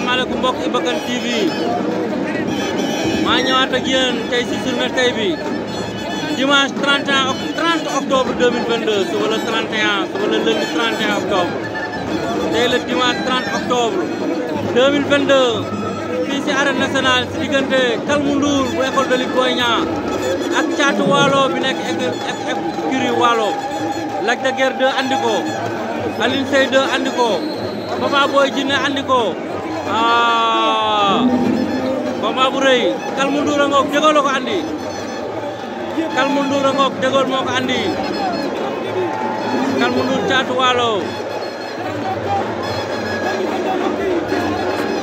asalaamaaleykum mbokk Iba TV maa ñëwaat ak yéen tey si journée tey bi dimanche 31 30 octobre 2022 suba le 31 suba le lundi 31 octobre tey le dimanche 30 octobre 2022 fii si arène nationale si diggante Kalmu bu école de lutte Boy Niang ak Lac de 2 2 Papa Boy Djiné andiko. ah combat bu rëy Calme Ndour a ngoog Dégol la ko andi Calme Ndour a ngoog Dégol moo ko andi Calme Ndour Caatu Waalo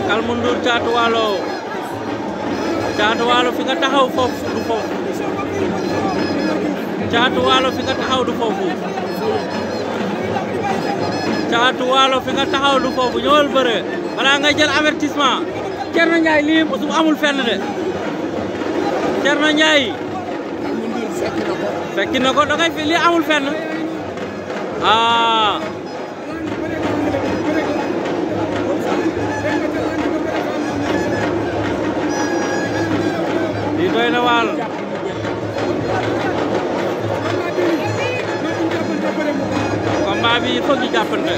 Calme Ndour Caatu Waalo Caatu Waalo fi nga taxaw du foofu Caatu Waalo fi nga taxaw du foofu Caatu Waalo fi nga taxaw du foofu ñëwal bëre balaa ngay jël avertissement Thierno Ndiaye lii mosul amul fenn de Thierno Ndiaye fekki na ko dangay fi lii amul fenn ah. lii doy na waal. combat bi il faut ñu jàppante.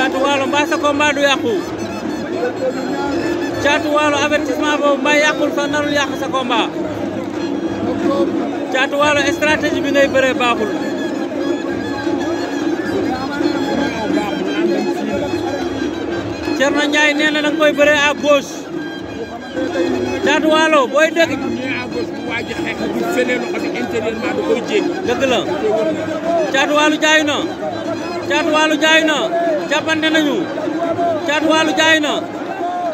caatu waalo mbaa sa combat du yàqu caatu waalo avertissement boobu mbaa yàqul fa narul yàq sa combat caatu waalo stratégie bi ngay bëree baaxul Cerno Njaay nee na koy bëree à gauche caatu waalo booy dëgg dëgg la caatu jàppante nañu Caatu Waalo jaay na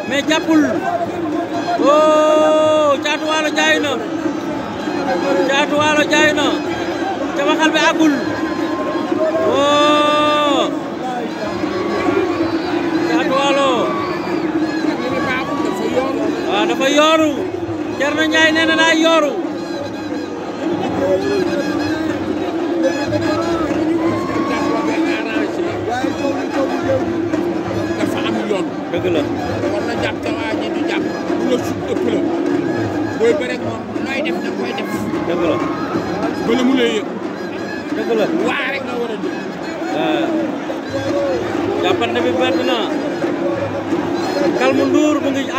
mais jàppul oh Caatu Waalo jaay na Waalo jaay na te waxal bi àggul oh. Waalo waaw ah, dafa yooru Thierno Ndiaye nee na yooru. dëgg la war na jàpp te waa ji du jàpp du la sut ëpp la booy bëreeg moom nooy def da koy def dëgg la bala mu lay yëg dëgg la waa rek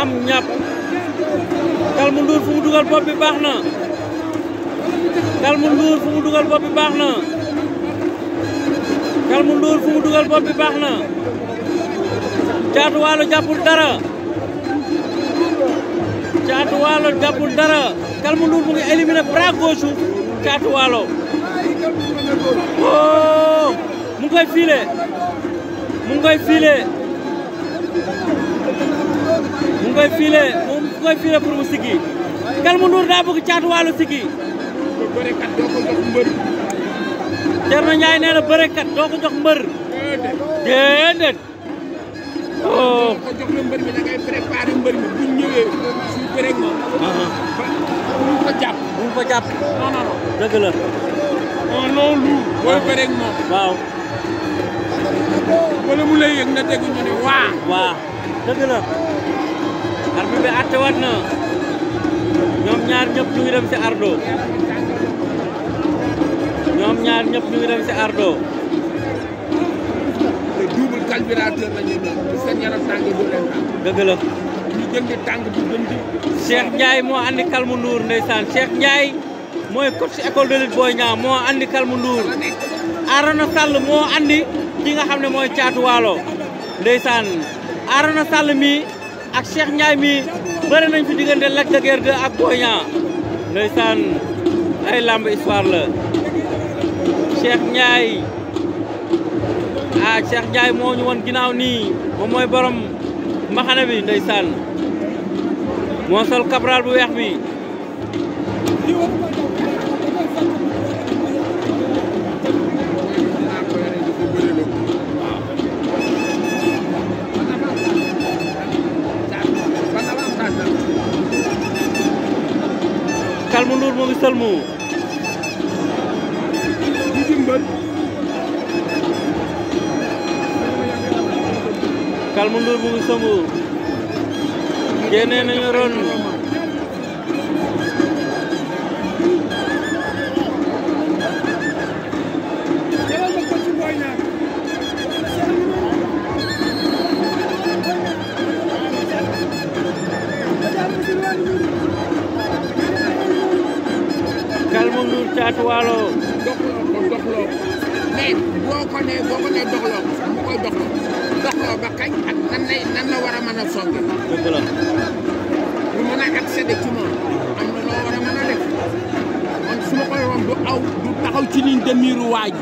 am ñàpp Calme Ndour fu mu dugal bopp bi baax na Calme Ndour fu mu dugal bopp bi baax na Caatuwaalu jàppul dara Caatuwaalu jàppul dara kalau mundur punya ngi éliminé bras gauche Caatuwaalu oh mu ngi koy fiile mu ngi koy fiile mu ngi koy fiile mu ngi koy fiile pour mu siggi Calme Ndour daa bëgg Caatuwaalu siggi Thierno Ndiaye nee na bërekat doo ko jox mbër déedéet oh. ko jox la mbër mi da ngay mbër mi bu ñëwee suy bëreeg moom. Uh-huh. bu ko jàpp. bu ko jàpp. non non non. dëgg la. non oh, loolu. booy bëreeg moom. waaw. mu lay yëg na dégg ñu ne waa. waa dëgg la. bi attewaat na ñoom ñaar ñëpp ñu ngi si ardo ñoom ñaar ñëpp ñu ngi dem si ardo double carburateur la ñuy doon gën di tàng du gën di. Cheikh Ndiaye moo andi Kalmu Ndour ndeysaan Cheikh Ndiaye mooy coach si école de lutte moo andi Kalmu Ndour. Arona Sall moo andi ki nga xam ne mooy Caatu Waalo ndeysaan Arona Sall mii ak Cheikh Ndiaye mii bëri nañ fi diggante Lac de Guiers ak Boy Niang ndeysaan ay lamb histoire la Cheikh Ndiaye. ah Cheikh Ndiaye mo ñu won ginaaw ni mo moy borom makhana bi ndeysan mo sol cabral bu wex bi Kalmu Ndour mo ngi salmu Almundur mu ngi sëmbu génnee nañu ron waalo doxloo ko doxloo mais boo ko nee boo ko nee doxloo mu doklo, doxloo nan lay nan la a mën a songee. a accéder ci moom. am na loo war a mën man su ma koy du aw du taxaw ci ligne de mire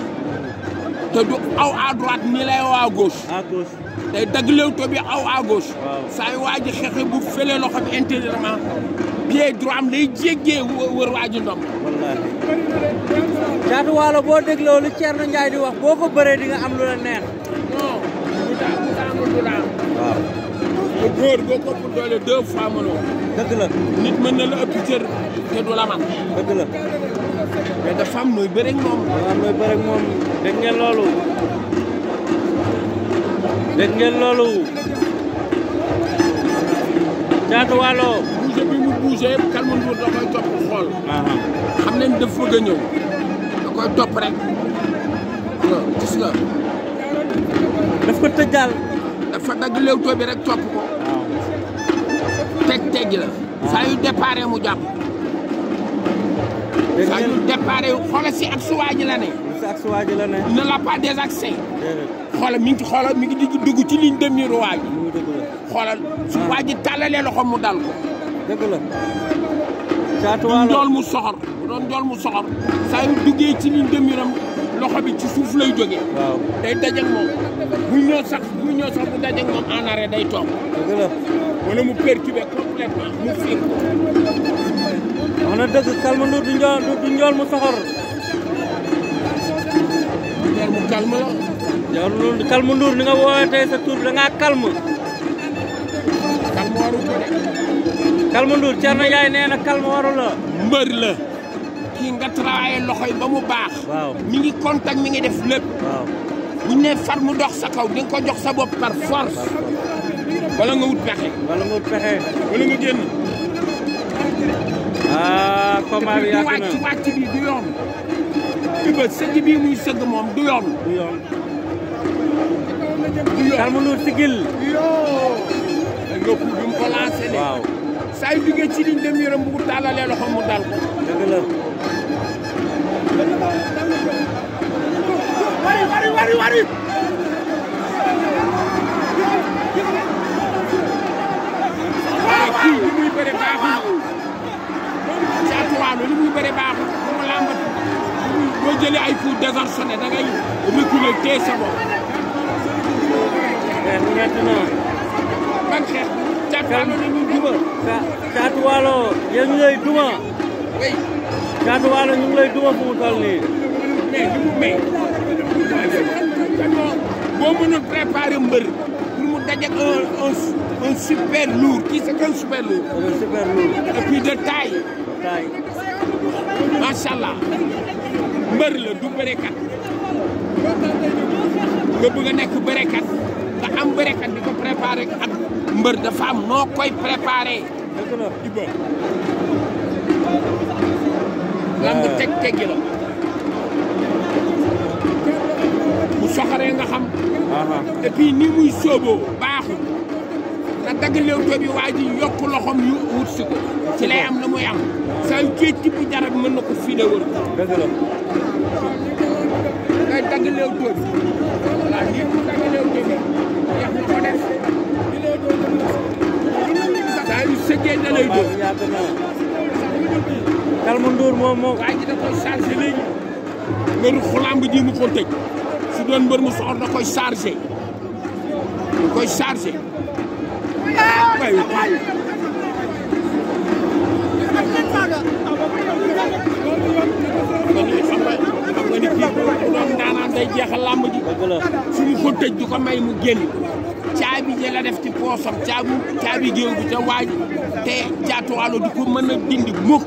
te du aw à droite aw à gauche. à gauche. bi aw à gauche. waaw saa waa ji xeexe bu fëlee loxo bi intérieurement pied droit am day jéggee wër waa ji Caatu Waalo boo dégloo lu Thierno Ndiaye di wax boo ko bëree di nga am lu la neex. góor boo ko ëpp doole deux fois mënoo. dëgg ngeen loolu. dégg ngeen loolu. Caatu Waalo. bougé bi mu bougé Calme da koy topp xool. xam nañ daf bëgg a da koy topp rek. waaw gis nga. daf ko tëj daal. dafa bi rek topp ko. jéggi la. saa mu jàpp. dégg saa yu si ak suwaa ji la ne. si ak suwaa ji la ne. ne l'a mi ngi ci xoolal mi ngi dugg ci ligne demi roi xoolal su ah. waa ji tàllalee loxo mu dal ko. dëgg mu soxor. mu doon mu soxor. saa yu ci ligne loxo bi ci suuf lay jógee. waaw day dajeeg moom bu ñëw sax bu ñëw sax bu dajeeg moom en arrêt day toog. wala mu mu fiir ko. wax na dëgg calme Ndour mu soxor. mu calme la. njool loolu calme Ndour ni nga wootee sa tuur da ngaa calme. calme waru ko de. calme Ndour Thierno Ndiaye nee na waru la. mbër la. kii nga travaillé loxo yi ba mu baax. mi ngi contact mi ngi def lépp. bu ñu nee far mu dox sa kaw di nga ko jox sa bopp par force. wala nga wut pexe. wala nga wut pexe. wala nga génn. ah combat bi yaatu na wàcc wàcc bi du yoon. kii ba sëgg bii muy sëgg moom du yoon. du yoon. du mu nu sigil. yoo. nga ku bi mu ko lancé de. waaw saa ci ligne dem yaram bu ko tàllalee mu dal ko. dëgg la. Caatu Waalo yéen ñooy duma Caatu Waalo ñu ngi lay duma fu mu toll nii. mais mu mais. boo mënoon préparer mbër mu daje un un un super lourd kii c'est un super lourd. un super de taille. taille. mbër la du bërekat nga bëgg a nekk nga am bërekat di ko préparer ak mbër dafa am noo koy préparer. lamb teg teggi la bu nga xam uh-huh. et ni muy sóoboo baaxul na dagg bi waa yokk loxom yu wut ci lay am na muy saa yu cee tibb dara mën na ko fii de wër dëgg la bi voilà nii mu bi saa yu sëggee da lay Dalma Ndour moom moo waaye ji da koy chargé léegi loolu xulamb ji mu ko tëj su doon mbër mu soxor da koy chargé da koy chargé way waay day jeexal làmb ji su mu ko tëj du ko may mu génn caabi ji la def ci poosam caabi caabi géew bi ca waaj te jaatuwaalo du ko mën a dindi mukk